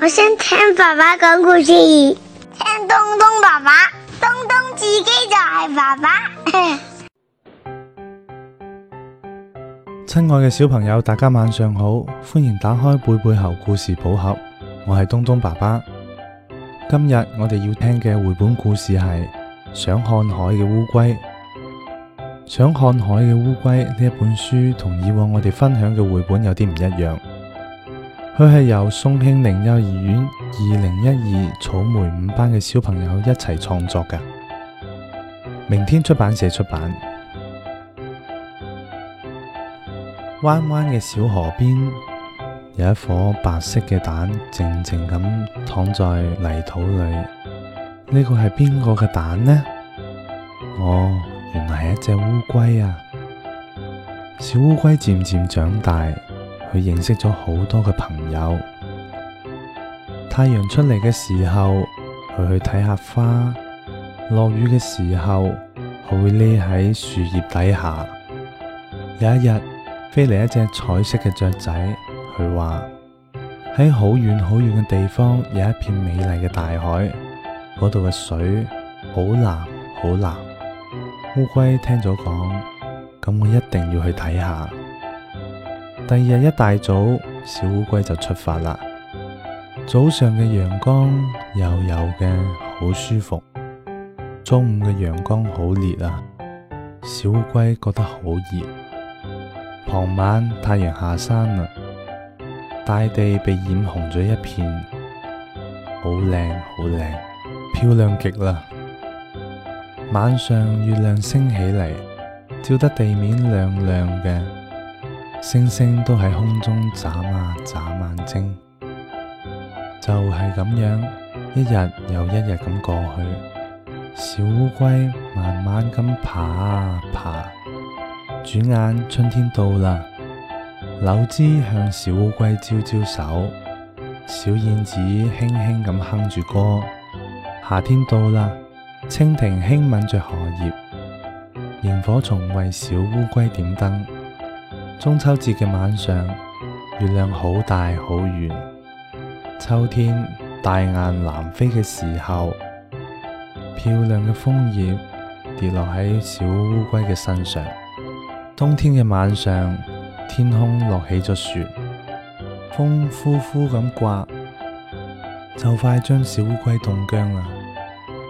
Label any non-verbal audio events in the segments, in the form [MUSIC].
我想聽爸爸講故事，聽東東爸爸，東東自己就係爸爸。親 [LAUGHS] 愛嘅小朋友，大家晚上好，歡迎打開貝貝猴故事寶盒，我係東東爸爸。今日我哋要聽嘅繪本故事係想看海嘅烏龜。想看海嘅烏龜呢一本書，同以往我哋分享嘅繪本有啲唔一樣。佢係由宋慶齡幼兒園二零一二草莓五班嘅小朋友一齊創作嘅，明天出版社出版。彎彎嘅小河邊，有一顆白色嘅蛋，靜靜咁躺在泥土裏。呢、這個係邊個嘅蛋呢？我、哦。原來係一隻烏龜啊，小烏龜漸漸長大，佢認識咗好多嘅朋友。太陽出嚟嘅時候，佢去睇下花；落雨嘅時候，佢會匿喺樹葉底下。有一日，飛嚟一隻彩色嘅雀仔，佢話喺好遠好遠嘅地方，有一片美麗嘅大海，嗰度嘅水好藍好藍。烏龜聽咗講，咁我一定要去睇下。第二日一大早，小烏龜就出發啦。早上嘅陽光柔柔嘅，好舒服。中午嘅陽光好烈啊，小烏龜覺得好熱。傍晚太陽下山啦，啊，大地被染紅咗一片，好靚好靚，漂亮極啦。晚上月亮升起嚟，照得地面亮亮嘅，星星都喺空中眨啊眨眼睛。就係咁樣，一日又一日咁過去，小烏龜慢慢咁爬啊爬。轉眼春天到啦，柳枝向小烏龜招招手，小燕子輕輕咁哼住歌。夏天到啦。蜻蜓輕吻着荷葉，螢火蟲為小烏龜點燈。中秋節嘅晚上，月亮好大好圓。秋天大雁南飛嘅時候，漂亮嘅楓葉跌落喺小烏龜嘅身上。冬天嘅晚上，天空落起咗雪，風呼呼咁刮，就快將小烏龜凍僵啦。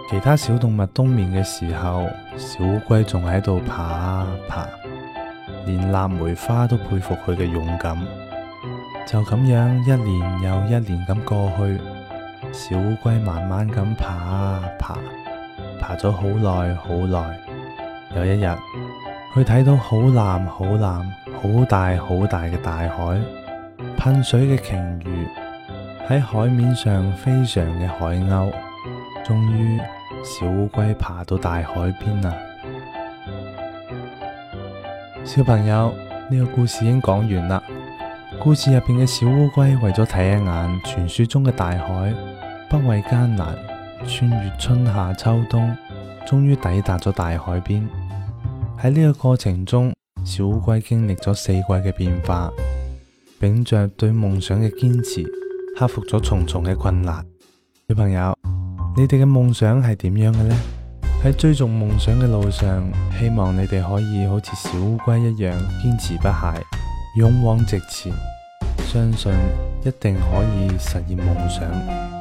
其他小動物冬眠嘅時候，小烏龜仲喺度爬啊爬，爬，連臘梅花都佩服佢嘅勇敢。就咁樣，一年又一年咁過去，小烏龜慢慢咁爬啊爬，爬咗好耐好耐。有一日，佢睇到好藍好藍、好大好大嘅大海，噴水嘅鯨魚，喺海面上飛翔嘅海鷗，終於。小烏龜爬到大海邊啦，啊！小朋友，呢、這個故事已經講完啦。故事入邊嘅小烏龜為咗睇一眼傳說中嘅大海，不畏艱難，穿越春夏秋冬，終於抵達咗大海邊。喺呢個過程中，小烏龜經歷咗四季嘅變化，秉着對夢想嘅堅持，克服咗重重嘅困難。小朋友。你哋嘅夢想係點樣嘅呢？喺追逐夢想嘅路上，希望你哋可以好似小烏龜一樣，堅持不懈，勇往直前，相信一定可以實現夢想。